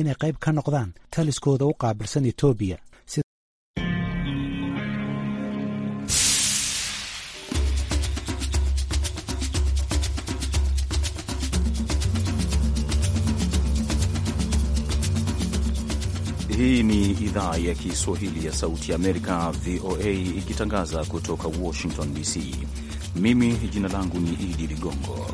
inay qayb ka noqdaan taliskooda u qaabilsan etoobiya Hii ni idhaa ya Kiswahili ya Sauti ya Amerika, VOA, ikitangaza kutoka Washington DC. Mimi jina langu ni Idi Ligongo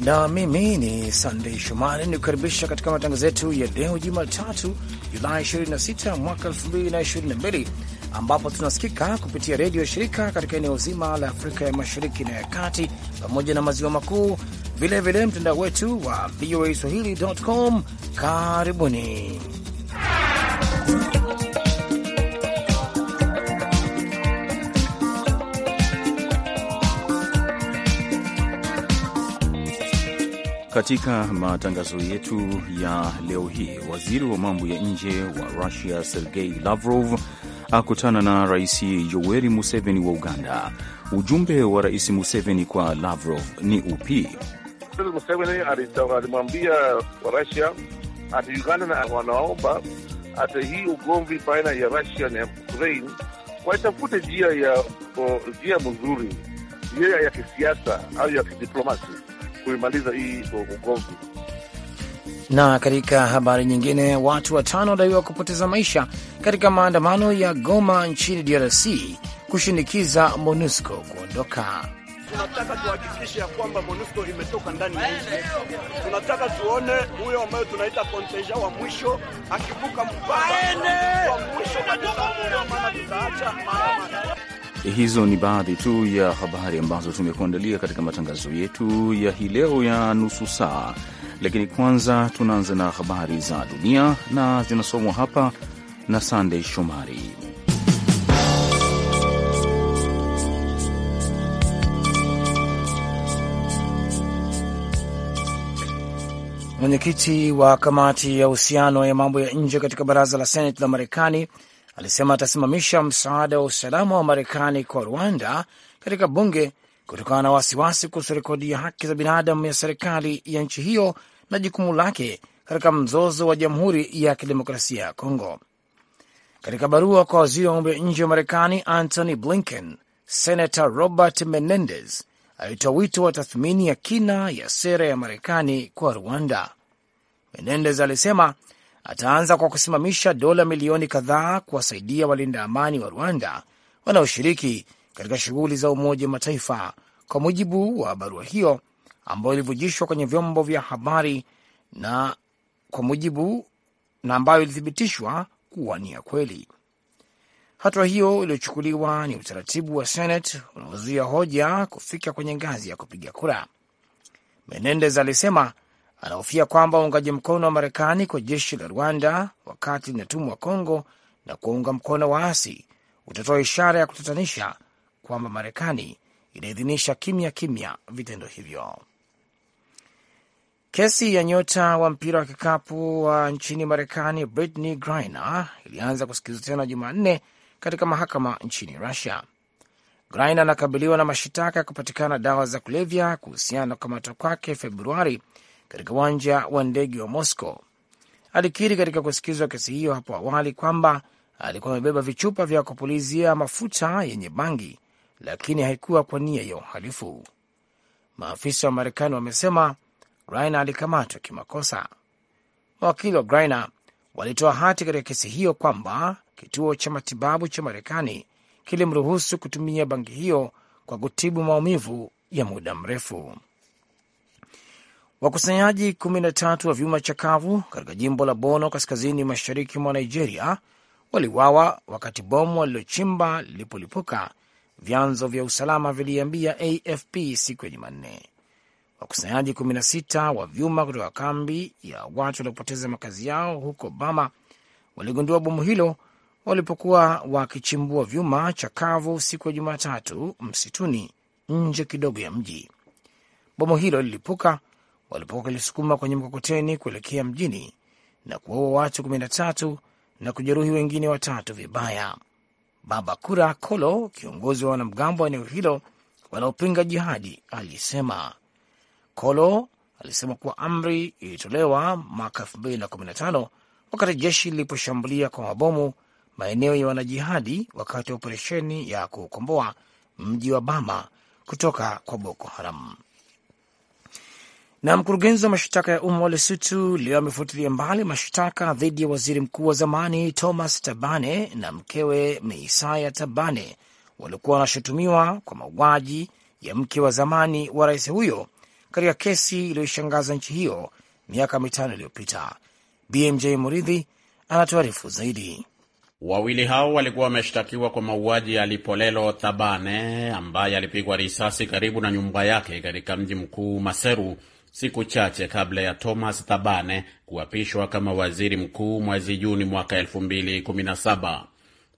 na mimi ni Sandei Shomari nikukaribisha katika matangazo yetu ya leo Jumatatu, Julai 26 mwaka 2022 ambapo tunasikika kupitia redio shirika katika eneo zima la Afrika ya Mashariki na ya Kati pamoja na Maziwa Makuu, vilevile mtandao wetu wa VOA Swahili.com. Karibuni. Katika matangazo yetu ya leo hii, waziri wa mambo ya nje wa Rusia Sergei Lavrov akutana na Rais Yoweri Museveni wa Uganda. Ujumbe wa Rais Museveni kwa Lavrov ni upi? Museveni alimwambia rasia ati Uganda na wanaomba ati hii ugomvi baina ya Rusia na Ukraine waitafute njia ya njia mzuri, njia ya kisiasa au ya kidiplomasia kuimaliza hii ugomvi. Na katika habari nyingine, watu watano wadaiwa kupoteza maisha katika maandamano ya Goma nchini DRC kushinikiza MONUSCO kuondoka. Tunataka tuhakikishe ya kwamba MONUSCO imetoka ndani ya nchi. Tunataka tuone huyo ambayo tunaita konteja wa mwisho akivuka mpaka wa mwisho kabisa, maana tutaacha maandamano. Hizo ni baadhi tu ya habari ambazo tumekuandalia katika matangazo yetu ya hii leo ya nusu saa, lakini kwanza tunaanza na habari za dunia na zinasomwa hapa na Sandey Shomari. Mwenyekiti wa kamati ya uhusiano ya mambo ya nje katika baraza la Seneti la Marekani alisema atasimamisha msaada wa usalama wa Marekani kwa Rwanda katika bunge kutokana na wasiwasi kuhusu rekodi ya haki za binadamu ya serikali ya nchi hiyo na jukumu lake katika mzozo wa Jamhuri ya Kidemokrasia ya Kongo. Katika barua kwa waziri wa mambo ya nje wa Marekani Antony Blinken, Senator Robert Menendez alitoa wito wa tathmini ya kina ya sera ya Marekani kwa Rwanda. Menendez alisema ataanza kwa kusimamisha dola milioni kadhaa kuwasaidia walinda amani wa Rwanda wanaoshiriki katika shughuli za Umoja wa Mataifa, kwa mujibu wa barua hiyo ambayo ilivujishwa kwenye vyombo vya habari na kwa mujibu na ambayo ilithibitishwa kuwa ni ya kweli. Hatua hiyo iliyochukuliwa ni utaratibu wa Senate unaozuia hoja kufika kwenye ngazi ya kupiga kura. Menendez alisema anahofia kwamba uungaji mkono wa Marekani kwa jeshi la Rwanda wakati linatumwa Kongo na kuwaunga mkono waasi utatoa ishara ya kutatanisha kwamba Marekani inaidhinisha kimya kimya vitendo hivyo. Kesi ya nyota wa mpira wa kikapu wa nchini Marekani Brittney Griner ilianza kusikilizwa tena Jumanne katika mahakama nchini Russia. Griner anakabiliwa na mashitaka ya kupatikana dawa za kulevya kuhusiana na kukamatwa kwake Februari katika uwanja wa ndege wa Moscow. Alikiri katika kusikizwa kesi hiyo hapo awali kwamba alikuwa amebeba vichupa vya kupulizia mafuta yenye bangi, lakini haikuwa kwa nia ya uhalifu. Maafisa wa Marekani wamesema Grainer alikamatwa kimakosa. Mawakili wa Grainer walitoa hati katika kesi hiyo kwamba kituo cha matibabu cha Marekani kilimruhusu kutumia bangi hiyo kwa kutibu maumivu ya muda mrefu. Wakusanyaji kumi na tatu wa vyuma chakavu katika jimbo la Bono kaskazini mashariki mwa Nigeria waliwawa wakati bomu walilochimba lilipolipuka, vyanzo vya usalama viliambia AFP siku ya Jumanne. Wakusanyaji 16 wa vyuma kutoka kambi ya watu waliopoteza makazi yao huko Bama waligundua bomu hilo walipokuwa wakichimbua vyuma chakavu siku ya Jumatatu msituni nje kidogo ya mji. Bomu hilo lilipuka walipokuwa wakilisukuma kwenye mkokoteni kuelekea mjini na kuwaua watu 13 na kujeruhi wengine watatu vibaya. Baba Kura Kolo, kiongozi wa wanamgambo wa eneo hilo wanaopinga jihadi, alisema. Kolo alisema kuwa amri ilitolewa mwaka tano wakati jeshi liliposhambulia kwa mabomu maeneo ya wanajihadi wakati wa operesheni ya kuukomboa mji wa Bama kutoka kwa Boko Haram. Na mkurugenzi wa mashtaka ya umma wa Lesutu leo amefutilia mbali mashtaka dhidi ya waziri mkuu wa zamani Thomas Tabane na mkewe Meisaya Tabane waliokuwa wanashutumiwa kwa mauaji ya mke wa zamani wa rais huyo katika kesi iliyoishangaza nchi hiyo miaka mitano iliyopita. BMJ Muridhi anatuarifu zaidi. Wawili hao walikuwa wameshtakiwa kwa mauaji ya Lipolelo Thabane ambaye alipigwa risasi karibu na nyumba yake katika mji mkuu Maseru siku chache kabla ya Thomas Thabane kuapishwa kama waziri mkuu mwezi Juni mwaka 2017.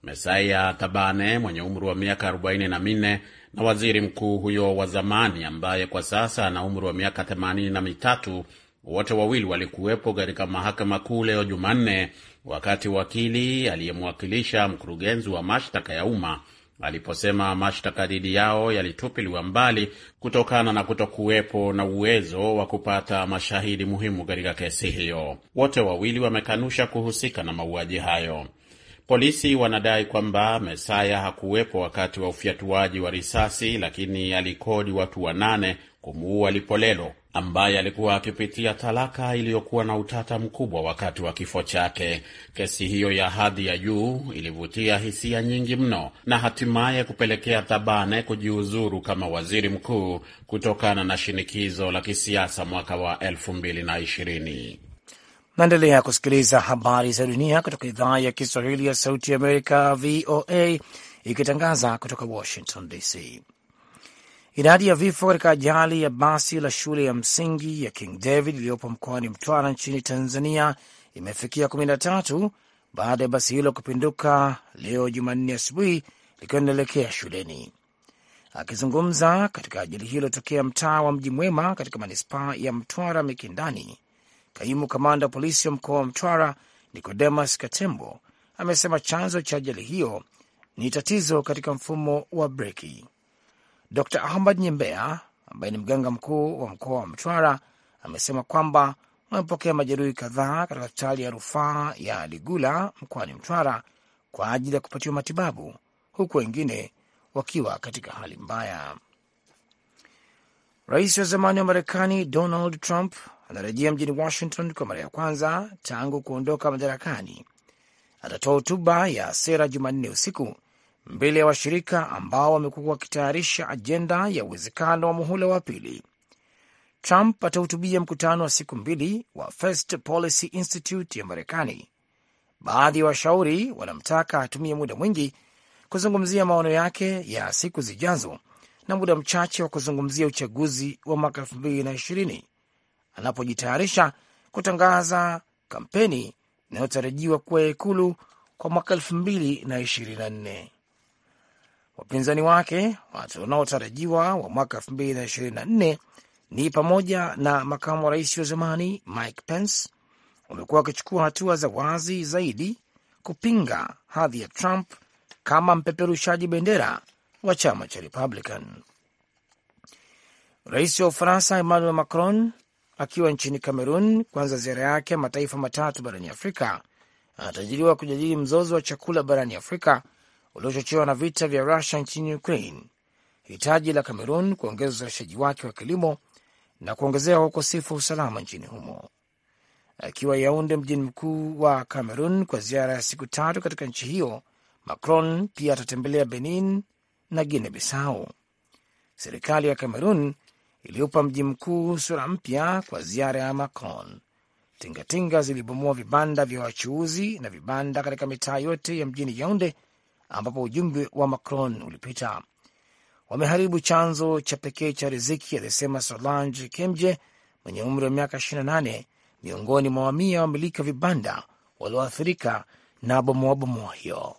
Mesaia Thabane mwenye umri wa miaka 44 na waziri mkuu huyo wa zamani ambaye kwa sasa ana umri wa miaka 83, wote wawili walikuwepo katika mahakama kuu leo Jumanne, wakati wakili aliyemwakilisha mkurugenzi wa mashtaka ya umma aliposema mashtaka dhidi yao yalitupiliwa mbali kutokana na kutokuwepo na uwezo wa kupata mashahidi muhimu katika kesi hiyo. Wote wawili wamekanusha kuhusika na mauaji hayo. Polisi wanadai kwamba Mesaya hakuwepo wakati wa ufyatuaji wa risasi, lakini alikodi watu wanane kumuua Lipolelo ambaye alikuwa akipitia talaka iliyokuwa na utata mkubwa wakati wa kifo chake. Kesi hiyo ya hadhi ya juu ilivutia hisia nyingi mno na hatimaye kupelekea Thabane kujiuzuru kama waziri mkuu kutokana na shinikizo la kisiasa mwaka wa elfu mbili na ishirini. Naendelea kusikiliza habari za dunia kutoka idhaa ya Kiswahili ya Sauti ya Amerika, VOA, ikitangaza kutoka Washington DC. Idadi ya vifo katika ajali ya basi la shule ya msingi ya King David iliyopo mkoani Mtwara nchini Tanzania imefikia kumi na tatu baada ya basi hilo kupinduka leo Jumanne asubuhi likiwa linaelekea shuleni. Akizungumza katika ajali hiyo iliyotokea mtaa wa Mji Mwema katika manispaa ya Mtwara Mikindani, kaimu kamanda wa polisi wa mkoa wa Mtwara Nikodemas Katembo amesema chanzo cha ajali hiyo ni tatizo katika mfumo wa breki. Dr Ahmad Nyembea ambaye ni mganga mkuu wa mkoa wa Mtwara amesema kwamba wamepokea majeruhi kadhaa katika hospitali ya rufaa ya Ligula mkoani Mtwara kwa ajili ya kupatiwa matibabu huku wengine wakiwa katika hali mbaya. Rais wa zamani wa Marekani Donald Trump anarejea mjini Washington kwa mara ya kwanza tangu kuondoka madarakani. Atatoa hotuba ya sera Jumanne usiku mbele ya wa washirika ambao wamekuwa wakitayarisha ajenda ya uwezekano wa muhula wa pili. Trump atahutubia mkutano wa siku mbili wa First Policy Institute ya Marekani. Baadhi ya wa washauri wanamtaka atumie muda mwingi kuzungumzia maono yake ya siku zijazo na muda mchache wa kuzungumzia uchaguzi wa mwaka ishirini anapojitayarisha kutangaza kampeni inayotarajiwa kuwa ya ikulu kwa mwaka nne. Wapinzani wake wanaotarajiwa wa mwaka nne ni pamoja na makamu wa rais wa zamani Mike Pence, wamekuwa wakichukua hatua za wazi zaidi kupinga hadhi ya Trump kama mpeperushaji bendera wa chama cha Republican. Rais wa Ufaransa Emmanuel Macron akiwa nchini Cameroon kuanza ziara yake ya mataifa matatu barani Afrika, anatajiriwa kujadili mzozo wa chakula barani Afrika uliochochewa na vita vya Rusia nchini Ukraine, hitaji la Kamerun kuongeza uzalishaji wake wa kilimo na kuongezea ukosefu wa usalama nchini humo. Akiwa Yaunde, mjini mkuu wa Kamerun, kwa ziara ya siku tatu katika nchi hiyo, Macron pia atatembelea Benin na Guinea Bissau. Serikali ya Kamerun iliupa mji mkuu sura mpya kwa ziara ya Macron. Tingatinga zilibomoa vibanda vya wachuuzi na vibanda katika mitaa yote ya mjini Yaunde ambapo ujumbe wa Macron ulipita. Wameharibu chanzo cha pekee cha riziki, alisema Solange Kemje mwenye umri wa miaka 28, miongoni mwa wamia wamiliki wa vibanda walioathirika na bomoabomoa hiyo.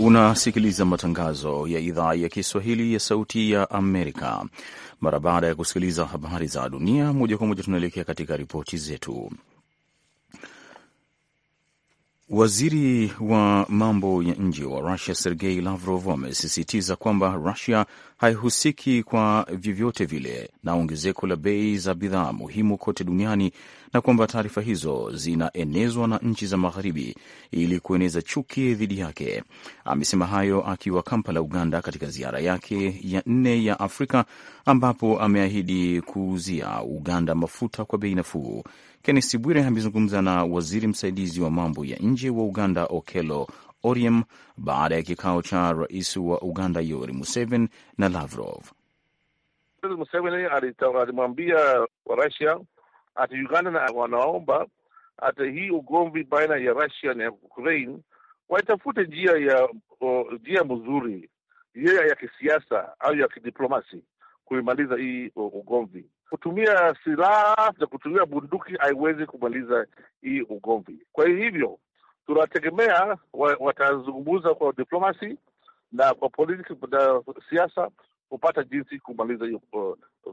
Unasikiliza matangazo ya idhaa ya Kiswahili ya Sauti ya Amerika. Mara baada ya kusikiliza habari za dunia moja kwa moja, tunaelekea katika ripoti zetu. Waziri wa mambo ya nje wa Rusia Sergei Lavrov amesisitiza kwamba Rusia haihusiki kwa vyovyote vile na ongezeko la bei za bidhaa muhimu kote duniani na kwamba taarifa hizo zinaenezwa na nchi za Magharibi ili kueneza chuki dhidi yake. Amesema hayo akiwa Kampala, Uganda, katika ziara yake ya nne ya Afrika, ambapo ameahidi kuuzia Uganda mafuta kwa bei nafuu. kennes Bwire amezungumza na waziri msaidizi wa mambo ya nje wa Uganda, Okello oriem baada ya kikao cha rais wa Uganda Yoweri Museveni na Lavrov. Museveni alimwambia Warusia ati Uganda na wanaomba ati hii ugomvi baina ya Russia na Ukraine waitafute njia ya o, njia mzuri njia ya kisiasa au ya kidiplomasi kuimaliza hii ugomvi. Kutumia silaha na kutumia bunduki haiwezi kumaliza hii ugomvi. Kwa hivyo tunategemea watazungumza kwa diplomasi na kwa politiki na siasa kupata jinsi kumaliza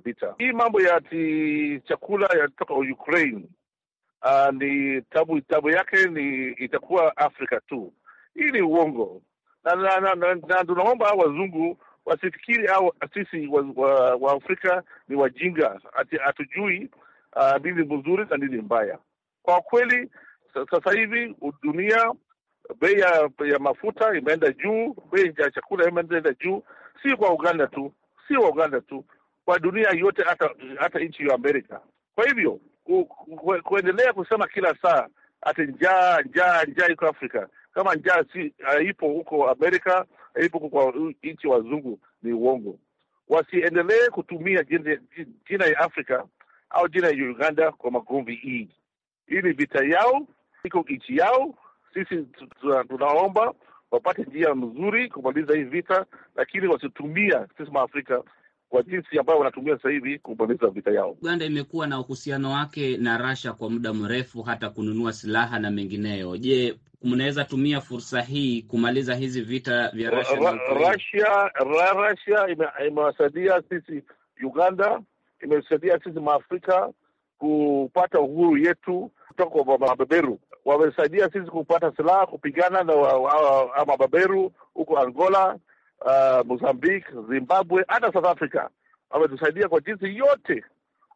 vita. Hii mambo ya ati chakula yatoka Ukraine uh, ni tabu tabu yake ni itakuwa Afrika tu. Hii ni uongo na, na, na, na, na tunaomba wazungu wasifikiri au sisi wa, wa, wa Afrika ni wajinga ati hatujui uh, nini mzuri na nini mbaya. Kwa kweli sasa hivi dunia bei ya, ya mafuta imeenda juu, bei ya chakula imeenda juu, si kwa Uganda tu, si wa Uganda tu, kwa dunia yote, hata hata nchi ya Amerika. Kwa hivyo ku, ku, kuendelea kusema kila saa ati njaa njaa njaa iko Afrika kama njaa si haipo huko Amerika, haipo kwa nchi wazungu, ni uongo. Wasiendelee kutumia jina, jina ya Afrika au jina ya Uganda kwa magomvi. Hii hii ni vita yao, iko nchi yao. Sisi tunaomba wapate njia mzuri kumaliza hii vita, lakini wasitumia sisi Maafrika kwa jinsi ambayo wanatumia sasa hivi kumaliza vita yao. Uganda imekuwa na uhusiano wake na Rasha kwa muda mrefu, hata kununua silaha na mengineyo. Je, mnaweza tumia fursa hii kumaliza hizi vita vya Rasha? Russia, ra, imewasaidia sisi Uganda, imesaidia sisi Maafrika kupata uhuru yetu kutoka kwa mababeru Wamesaidia sisi kupata silaha kupigana na mabeberu huko Angola uh, Mozambique, Zimbabwe, hata South Africa. Wametusaidia kwa jinsi yote,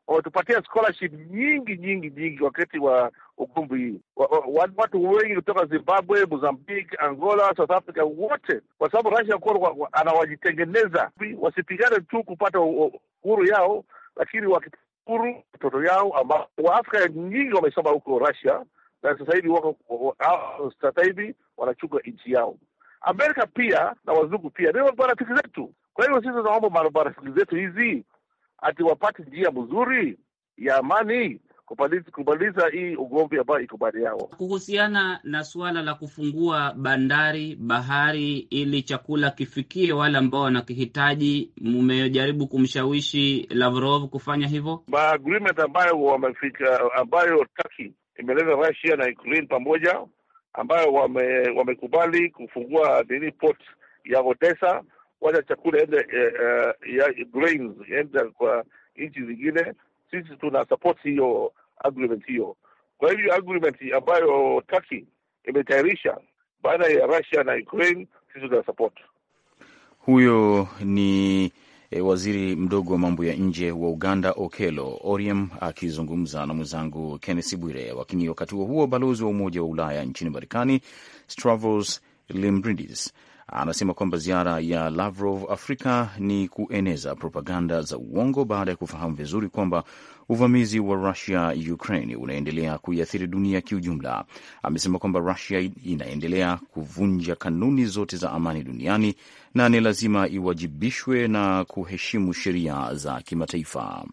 wametupatia scholarship nyingi nyingi nyingi wakati wa ukumbi hii. Wa, wa, watu wengi kutoka Zimbabwe, Mozambique, Angola, South Africa wote, kwa sababu Russia kuwa anawajitengeneza wasipigane tu kupata uhuru yao, lakini wakihuru watoto yao ambao Waafrika nyingi wamesoma huko Russia na sasa hivi wako sasa hivi wanachukua nchi yao. Amerika pia na wazungu pia ni marafiki zetu. Kwa hivyo sisi tunaomba marafiki zetu hizi ati wapate njia mzuri ya amani kumaliza hii ugomvi ambayo iko baada yao. Kuhusiana na suala la kufungua bandari bahari ili chakula kifikie wale ambao wanakihitaji, mmejaribu kumshawishi Lavrov kufanya hivyo? Maagreement ambayo wamefika, ambayo Turkey imeleta Russia na Ukraine pamoja ambayo wame, wamekubali kufungua nini port ya Odessa, wacha chakula ende uh, eh, eh, ya grains ende kwa nchi zingine. Sisi tuna support hiyo agreement hiyo. Kwa hivyo agreement ambayo Turkey imetayarisha baada ya Russia na Ukraine, sisi tuna support. Huyo ni e, waziri mdogo wa mambo ya nje wa Uganda Okello Oryem akizungumza na mwenzangu kennesi Bwire. Wakati huo huo, balozi wa Umoja wa Ulaya nchini Marekani Stavros limbridis anasema kwamba ziara ya Lavrov Afrika ni kueneza propaganda za uongo baada ya kufahamu vizuri kwamba uvamizi wa Rusia Ukraine unaendelea kuiathiri dunia kiujumla. Amesema kwamba Rusia inaendelea kuvunja kanuni zote za amani duniani na ni lazima iwajibishwe na kuheshimu sheria za kimataifa.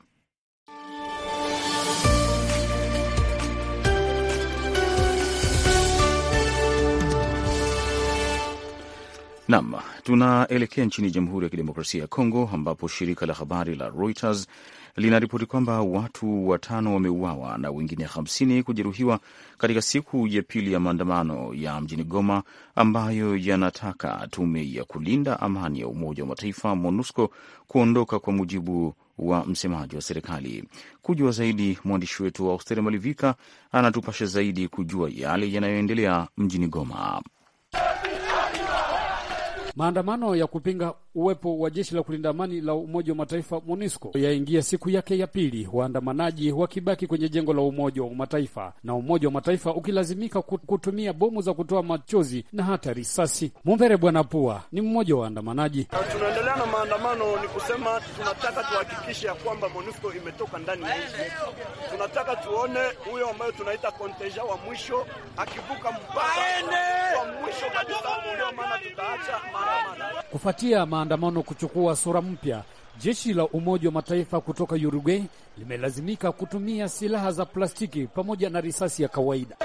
Nam, tunaelekea nchini Jamhuri ya Kidemokrasia ya Kongo ambapo shirika la habari la Reuters linaripoti kwamba watu watano wameuawa na wengine hamsini kujeruhiwa katika siku ya pili ya maandamano ya mjini Goma ambayo yanataka tume ya kulinda amani ya Umoja wa Mataifa MONUSCO kuondoka, kwa mujibu wa msemaji wa serikali. Kujua zaidi, mwandishi wetu wa Austeri Malivika anatupasha zaidi kujua yale yanayoendelea mjini Goma. Maandamano ya kupinga uwepo wa jeshi la kulinda amani la Umoja wa Mataifa MONUSCO yaingia siku yake ya pili, waandamanaji wakibaki kwenye jengo la Umoja wa Mataifa na Umoja wa Mataifa ukilazimika kutumia bomu za kutoa machozi na hata risasi. Mumbere Bwana Pua ni mmoja wa waandamanaji. Tunaendelea na maandamano, ni kusema tunataka tuhakikishe ya kwamba MONUSCO imetoka ndani ya nchi. Tunataka tuone huyo ambayo tunaita konteja wa mwisho akivuka mpaka wa mwisho kabisa, ndio maana tutaacha maandamano kufuatia ma maandamano kuchukua sura mpya, jeshi la Umoja wa Mataifa kutoka Uruguay limelazimika kutumia silaha za plastiki pamoja na risasi ya kawaida.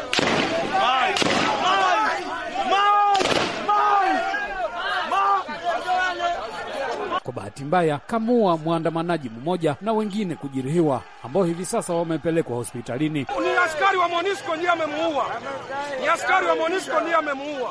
Kwa bahati mbaya kamua mwandamanaji mmoja na wengine kujeruhiwa, ambao hivi sasa wamepelekwa hospitalini. Ni askari wa Monisco ndiye amemuua, ni askari wa Monisco ndiye amemuua.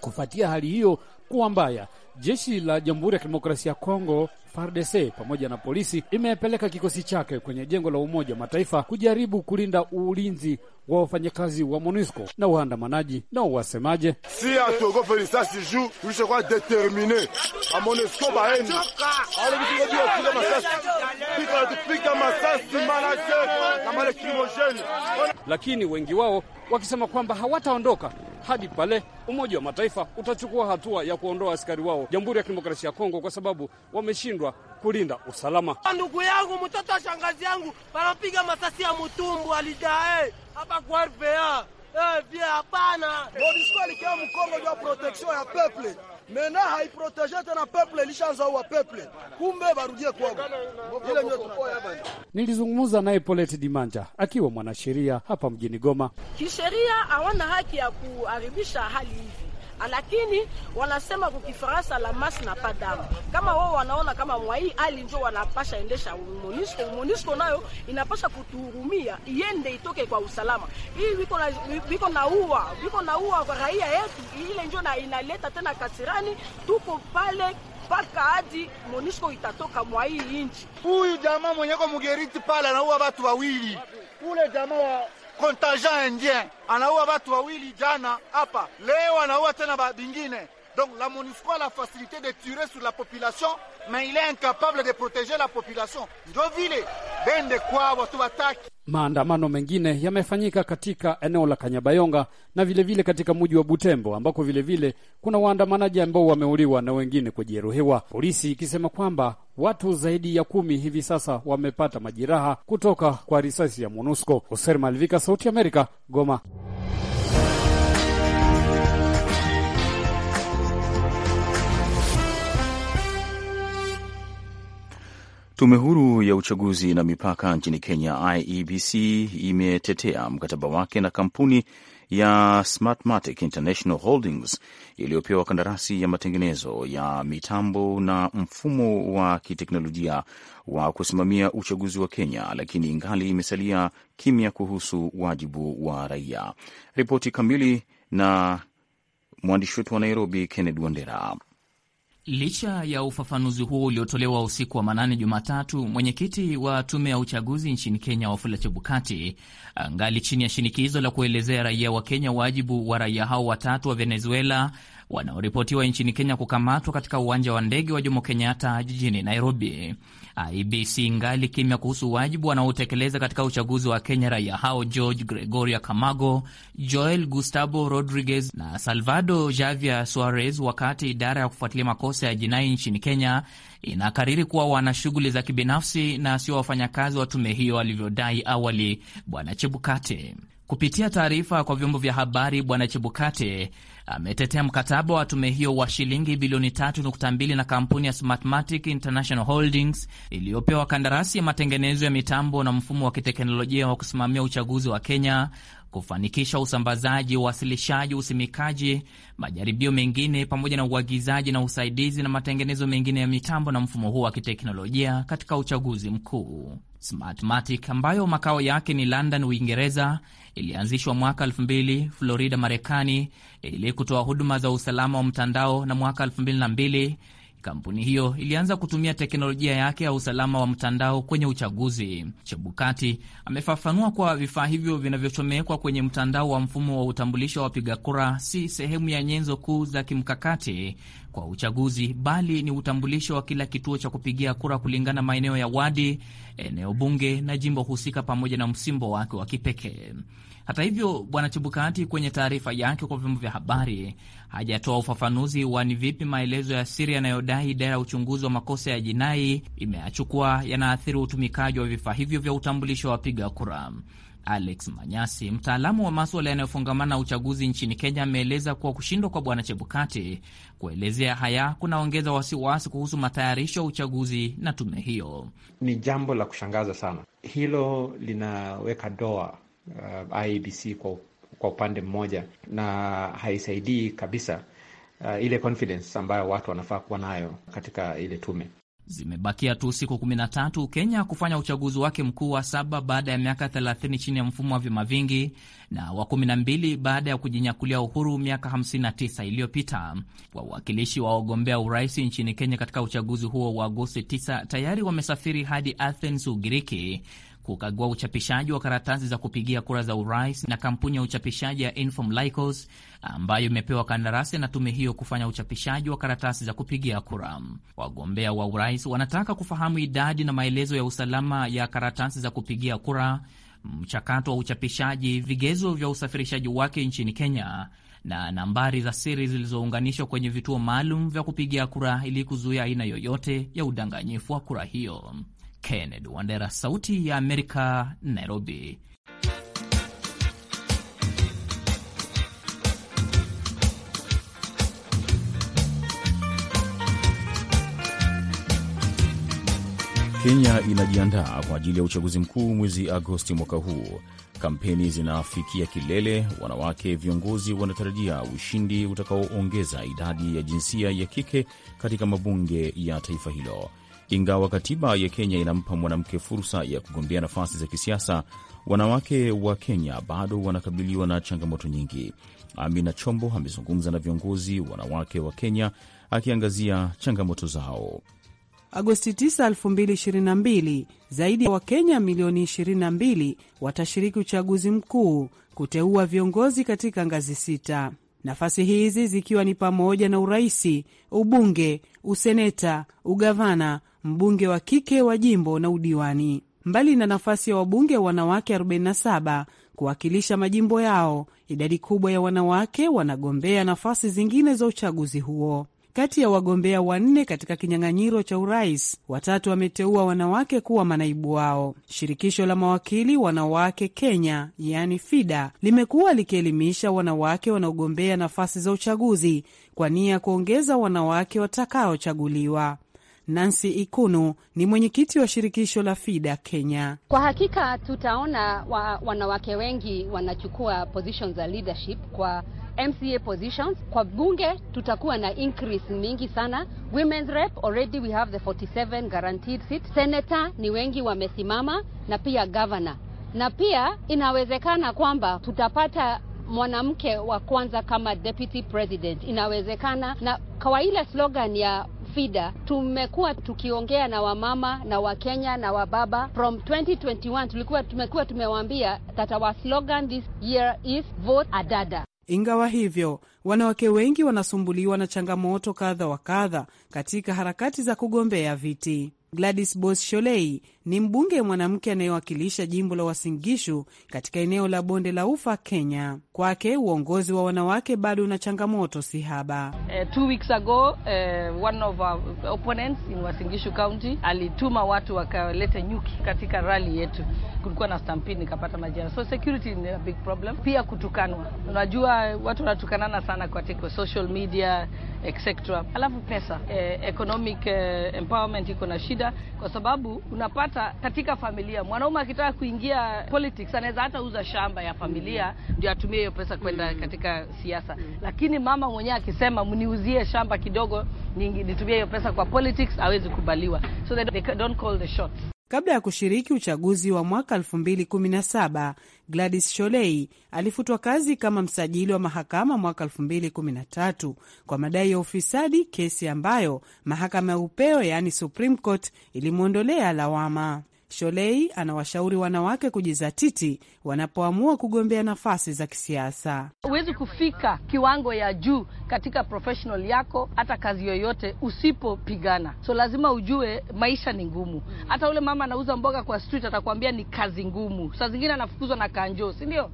Kufuatia hali hiyo kuwa mbaya, Jeshi la Jamhuri ya Kidemokrasia ya Kongo FARDC pamoja na polisi imepeleka kikosi chake kwenye jengo la Umoja Mataifa kujaribu kulinda ulinzi wa wafanyakazi wa MONUSCO na waandamanaji. Nao wasemaje? si atuogope risasi juu tulishakuwa determine a MONUSCO baende alikupiga masasi pikatupiga masasi manake na male lakini wengi wao wakisema kwamba hawataondoka hadi pale Umoja wa Mataifa utachukua hatua ya kuondoa askari wao Jamhuri ya Kidemokrasia ya Kongo kwa sababu wameshindwa wameshindwa kulinda usalama. Ah, ndugu yangu mtoto wa shangazi yangu wanapiga masasi ya mutumbu alidae hapa kwa RVA eh, hapana MONUSCO mkongo jwa protection ya peple mena haiproteje tena peple, ilishaanza uwa peple, kumbe barudie kwao ile ndio Nilizungumza naye Polet Dimanja akiwa mwanasheria hapa mjini Goma. Kisheria hawana haki ya kuharibisha hali hivi Ah, lakini wanasema kwa Kifaransa la mas na padamu. Kama wao wanaona kama mwai ali ndio wanapasha endesha MONUSCO, MONUSCO nayo inapasha kutuhurumia, iende itoke kwa usalama. Hii wiko na wiko na uwa, wiko na uwa kwa raia yetu, ile ndio na inaleta tena kasirani. Tuko pale mpaka hadi monisco itatoka mwai inchi. Huyu jamaa mwenyeko Mugeriti pale anaua watu wawili. Ule jamaa contagent indien anaua batu wawili jana hapa, leo anaua tena bingine Donc la MONUSCO a la facilité de tirer sur la population, mais il est incapable de protéger la population. Ndio vile bende kwao watu wataki. Maandamano mengine yamefanyika katika eneo la Kanyabayonga na vilevile vile katika mji wa Butembo ambako vilevile vile kuna waandamanaji ambao wameuliwa na wengine kujeruhiwa, polisi ikisema kwamba watu zaidi ya kumi hivi sasa wamepata majeraha kutoka kwa risasi ya MONUSCO. Hoser Malvika, Sauti Amerika, Goma. Tume huru ya uchaguzi na mipaka nchini Kenya, IEBC, imetetea mkataba wake na kampuni ya Smartmatic International Holdings iliyopewa kandarasi ya matengenezo ya mitambo na mfumo wa kiteknolojia wa kusimamia uchaguzi wa Kenya, lakini ingali imesalia kimya kuhusu wajibu wa raia. Ripoti kamili na mwandishi wetu wa Nairobi, Kenneth Wandera. Licha ya ufafanuzi huo uliotolewa usiku wa manane Jumatatu, mwenyekiti wa tume ya uchaguzi nchini Kenya Wafula Chebukati angali chini ya shinikizo la kuelezea raia wa Kenya wajibu wa raia hao watatu wa Venezuela wanaoripotiwa nchini Kenya kukamatwa katika uwanja wa ndege wa Jomo Kenyatta jijini Nairobi. IBC ngali kimya kuhusu wajibu wanaotekeleza katika uchaguzi wa Kenya. Raia hao George Gregoria camago Joel Gustavo Rodriguez na Salvador Javier Suarez, wakati idara ya kufuatilia makosa ya jinai nchini Kenya inakariri kuwa wana shughuli za kibinafsi na sio wafanyakazi wa tume hiyo alivyodai awali. Bwana Chebukate Kupitia taarifa kwa vyombo vya habari, Bwana chibukate ametetea mkataba wa tume hiyo wa shilingi bilioni 3.2 na kampuni ya Smartmatic International Holdings iliyopewa kandarasi ya matengenezo ya mitambo na mfumo wa kiteknolojia wa kusimamia uchaguzi wa Kenya kufanikisha usambazaji, uwasilishaji, usimikaji, majaribio mengine, pamoja na uagizaji na usaidizi na matengenezo mengine ya mitambo na mfumo huo wa kiteknolojia katika uchaguzi mkuu. Smartmatic ambayo makao yake ni London, Uingereza, ilianzishwa mwaka 2000 Florida, Marekani, ili kutoa huduma za usalama wa mtandao na mwaka 2002 kampuni hiyo ilianza kutumia teknolojia yake ya usalama wa mtandao kwenye uchaguzi. Chebukati amefafanua kuwa vifaa hivyo vinavyochomekwa kwenye mtandao wa mfumo wa utambulisho wa wapiga kura si sehemu ya nyenzo kuu za kimkakati kwa uchaguzi, bali ni utambulisho wa kila kituo cha kupigia kura kulingana maeneo ya wadi, eneo bunge na jimbo husika, pamoja na msimbo wake wa kipekee. Hata hivyo, Bwana Chibukati kwenye taarifa yake kwa vyombo vya habari hajatoa ufafanuzi wa ni vipi maelezo ya siri yanayodai idara ya uchunguzi wa makosa ya jinai imeyachukua yanaathiri utumikaji wa vifaa hivyo vya utambulisho wa wapiga kura. Alex Manyasi, mtaalamu wa maswala yanayofungamana na uchaguzi nchini Kenya, ameeleza kuwa kushindwa kwa Bwana Chebukati kuelezea haya kunaongeza wasiwasi kuhusu matayarisho ya uchaguzi na tume hiyo. Ni jambo la kushangaza sana, hilo linaweka doa uh, IEBC kwa, kwa upande mmoja na haisaidii kabisa uh, ile confidence ambayo watu wanafaa kuwa nayo katika ile tume. Zimebakia tu siku 13 Kenya kufanya uchaguzi wake mkuu wa saba baada ya miaka 30 chini ya mfumo wa vyama vingi na wa 12 baada ya kujinyakulia uhuru miaka 59 iliyopita. Wawakilishi wa wagombea urais nchini Kenya katika uchaguzi huo wa Agosti 9 tayari wamesafiri hadi Athens, Ugiriki, kukagua uchapishaji wa karatasi za kupigia kura za urais na kampuni ya uchapishaji ya Inform Lycos ambayo imepewa kandarasi na tume hiyo kufanya uchapishaji wa karatasi za kupigia kura. Wagombea wa urais wanataka kufahamu idadi na maelezo ya usalama ya karatasi za kupigia kura, mchakato wa uchapishaji, vigezo vya usafirishaji wake nchini Kenya na nambari za siri zilizounganishwa kwenye vituo maalum vya kupigia kura ili kuzuia aina yoyote ya udanganyifu wa kura hiyo. Kennedy Wandera, Sauti ya Amerika, Nairobi. Kenya inajiandaa kwa ajili ya uchaguzi mkuu mwezi Agosti mwaka huu. Kampeni zinafikia kilele, wanawake viongozi wanatarajia ushindi utakaoongeza idadi ya jinsia ya kike katika mabunge ya taifa hilo. Ingawa katiba ya Kenya inampa mwanamke fursa ya kugombea nafasi za kisiasa, wanawake wa Kenya bado wanakabiliwa na changamoto nyingi. Amina Chombo amezungumza na viongozi wanawake wa Kenya akiangazia changamoto zao. Agosti 9, 2022 zaidi ya Wakenya milioni 22 watashiriki uchaguzi mkuu kuteua viongozi katika ngazi sita, nafasi hizi zikiwa ni pamoja na uraisi, ubunge, useneta, ugavana, mbunge wa kike wa jimbo na udiwani. Mbali na nafasi ya wabunge wanawake 47 kuwakilisha majimbo yao, idadi kubwa ya wanawake wanagombea nafasi zingine za uchaguzi huo. Kati ya wagombea wanne katika kinyang'anyiro cha urais, watatu wameteua wanawake kuwa manaibu wao. Shirikisho la mawakili wanawake Kenya, yani FIDA, limekuwa likielimisha wanawake wanaogombea nafasi za uchaguzi kwa nia ya kuongeza wanawake watakaochaguliwa. Nancy Ikunu ni mwenyekiti wa shirikisho la FIDA Kenya. Kwa hakika tutaona wa, wanawake wengi wanachukua positions za leadership kwa MCA positions. Kwa bunge tutakuwa na increase mingi sana. Women's rep already we have the 47 guaranteed seat. Senator ni wengi wamesimama na pia governor. Na pia inawezekana kwamba tutapata mwanamke wa kwanza kama deputy president. Inawezekana na kwa ile slogan ya FIDA tumekuwa tukiongea na wamama na Wakenya na wababa from 2021 tulikuwa tumekuwa tumewaambia that our slogan this year is vote Adada. Ingawa hivyo, wanawake wengi wanasumbuliwa na changamoto kadha wa kadha katika harakati za kugombea viti. Gladys Boss Sholei ni mbunge mwanamke anayewakilisha jimbo la Wasingishu katika eneo la bonde la Ufa, Kenya. Kwake uongozi wa wanawake bado una changamoto si haba. Uh, two weeks ago, uh, one of our opponents in Wasingishu County alituma watu wakalete nyuki katika rali yetu, kulikuwa na stampede, nikapata majina. So security ni a big problem, pia kutukanwa. Unajua watu wanatukanana sana katika social media etc. Alafu pesa, uh, economic uh, empowerment iko na shida kwa sababu unapata hata katika familia. Mwanaume akitaka kuingia politics anaweza hata uza shamba ya familia mm-hmm. ndio atumie hiyo pesa kwenda mm-hmm. katika siasa, mm-hmm. lakini mama mwenyewe akisema mniuzie shamba kidogo nitumie hiyo pesa kwa politics, hawezi kubaliwa. So they don't call the shots. Kabla ya kushiriki uchaguzi wa mwaka 2017, Gladys Sholei alifutwa kazi kama msajili wa mahakama mwaka 2013 kwa madai ya ufisadi, kesi ambayo mahakama ya upeo yaani Supreme Court ilimwondolea lawama. Sholei anawashauri wanawake kujizatiti wanapoamua kugombea nafasi za kisiasa. Huwezi kufika kiwango ya juu katika professional yako, hata kazi yoyote, usipopigana. So lazima ujue maisha ni ngumu. Hata ule mama anauza mboga kwa street atakwambia ni kazi ngumu. Saa zingine anafukuzwa na kanjo, si ndio?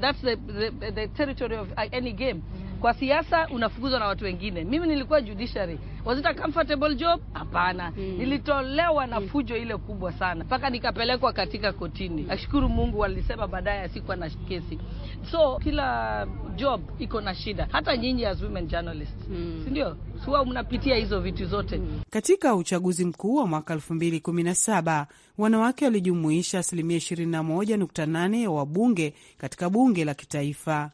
that's the, the, the territory of any game. Kwa siasa unafukuzwa na watu wengine. Mimi nilikuwa judiciary. Was it a comfortable job? Hapana. Hmm. Nilitolewa na hmm. fujo ile kubwa sana mpaka nikapelekwa katika kotini. Nashukuru Mungu walisema baadaye asikwa na kesi. So kila job iko na shida, hata nyinyi as women journalists hmm. si ndio? Huwa mnapitia hizo vitu zote hmm. Katika uchaguzi mkuu wa mwaka 2017 wanawake walijumuisha asilimia 21.8 ya wabunge katika bunge la kitaifa.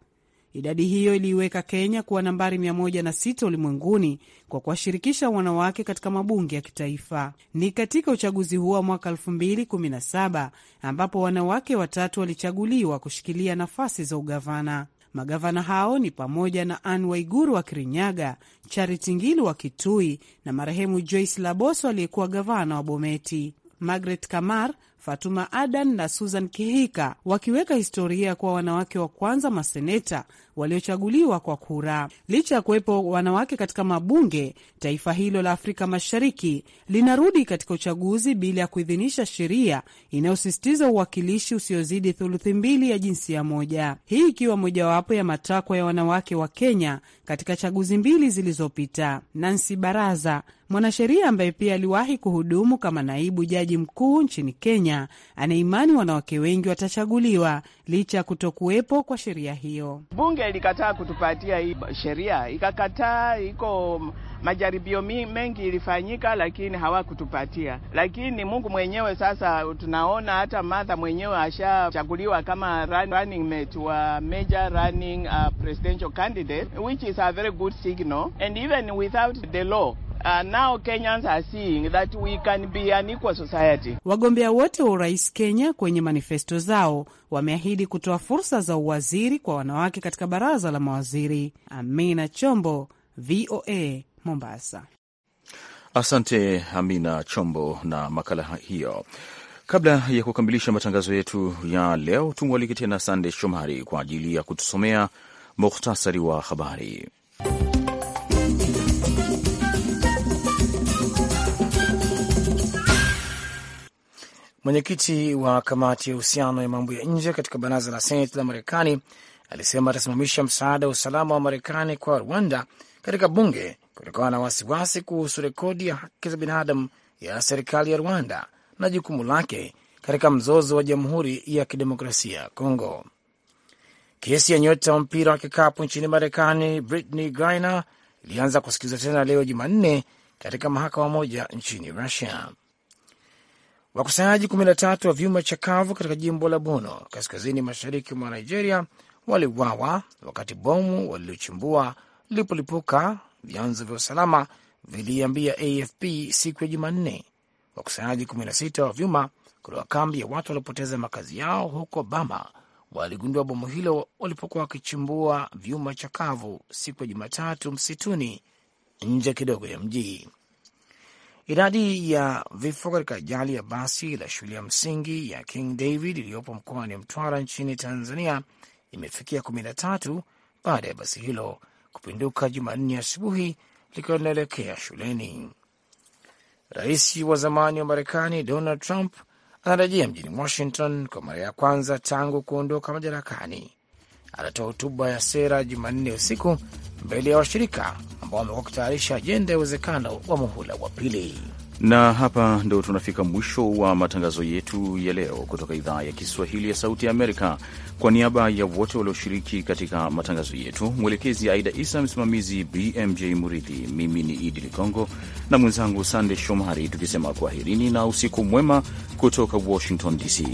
Idadi hiyo iliiweka Kenya kuwa nambari 106 ulimwenguni kwa kuwashirikisha wanawake katika mabunge ya kitaifa. Ni katika uchaguzi huo wa mwaka 2017 ambapo wanawake watatu walichaguliwa kushikilia nafasi za ugavana. Magavana hao ni pamoja na ann Waiguru wa Kirinyaga, Charity Ngilu wa Kitui na marehemu Joyce Laboso aliyekuwa gavana wa Bometi. Margaret Kamar Fatuma Adan na Susan Kihika wakiweka historia kuwa wanawake wa kwanza maseneta waliochaguliwa kwa kura. Licha ya kuwepo wanawake katika mabunge, taifa hilo la Afrika Mashariki linarudi katika uchaguzi bila ya kuidhinisha sheria inayosisitiza uwakilishi usiozidi thuluthi mbili ya jinsia moja, hii ikiwa mojawapo ya matakwa ya wanawake wa Kenya katika chaguzi mbili zilizopita. Nancy Baraza Mwanasheria ambaye pia aliwahi kuhudumu kama naibu jaji mkuu nchini Kenya anaimani wanawake wengi watachaguliwa licha ya kutokuwepo kwa sheria hiyo. Bunge ilikataa kutupatia hii sheria, ikakataa. Iko majaribio mengi ilifanyika, lakini hawakutupatia. Lakini Mungu mwenyewe sasa, tunaona hata Martha mwenyewe ashachaguliwa kama running mate wa major running uh, presidential candidate which is a very good signal and even without the law Uh, now Kenyans are seeing that we can be an equal society. Wagombea wote wa urais Kenya kwenye manifesto zao wameahidi kutoa fursa za uwaziri kwa wanawake katika baraza la mawaziri. Amina Chombo, VOA, Mombasa. Asante Amina Chombo na makala hiyo. Kabla ya kukamilisha matangazo yetu ya leo, tumwalike tena Sande Shomari kwa ajili ya kutusomea muhtasari wa habari. Mwenyekiti wa kamati ya uhusiano ya mambo ya nje katika baraza la seneti la Marekani alisema atasimamisha msaada wa usalama wa Marekani kwa Rwanda katika bunge kutokana na wasiwasi kuhusu rekodi ya haki za binadamu ya serikali ya Rwanda na jukumu lake katika mzozo wa Jamhuri ya Kidemokrasia ya Kongo. Kesi ya nyota wa mpira wa kikapu nchini Marekani Brittney Griner ilianza kusikilizwa tena leo Jumanne katika mahakama moja nchini Russia. Wakusanyaji 13 wa vyuma chakavu katika jimbo la Bono kaskazini mashariki mwa Nigeria waliuawa wakati bomu walilochimbua lilipolipuka, vyanzo vya usalama viliambia AFP siku ya Jumanne. Wakusanyaji 16 wa vyuma kutoka kambi ya watu waliopoteza makazi yao huko Bama waligundua bomu hilo walipokuwa wakichimbua vyuma chakavu siku ya Jumatatu msituni nje kidogo ya mji. Idadi ya vifo katika ajali ya basi la shule ya msingi ya King David iliyopo mkoani Mtwara nchini Tanzania imefikia kumi na tatu baada ya basi hilo kupinduka Jumanne asubuhi likiwa linaelekea shuleni. Rais wa zamani wa Marekani Donald Trump anarejea mjini Washington kwa mara ya kwanza tangu kuondoka madarakani. Anatoa hotuba ya sera Jumanne usiku mbele ya washirika ambao wamekuwa kutayarisha ajenda ya uwezekano wa muhula wa pili. Na hapa ndo tunafika mwisho wa matangazo yetu ya leo kutoka idhaa ya Kiswahili ya Sauti ya Amerika. Kwa niaba ya wote walioshiriki katika matangazo yetu, mwelekezi Aida Isa, msimamizi BMJ Muridhi, mimi ni Idi Ligongo na mwenzangu Sande Shomari, tukisema kwaherini na usiku mwema kutoka Washington DC.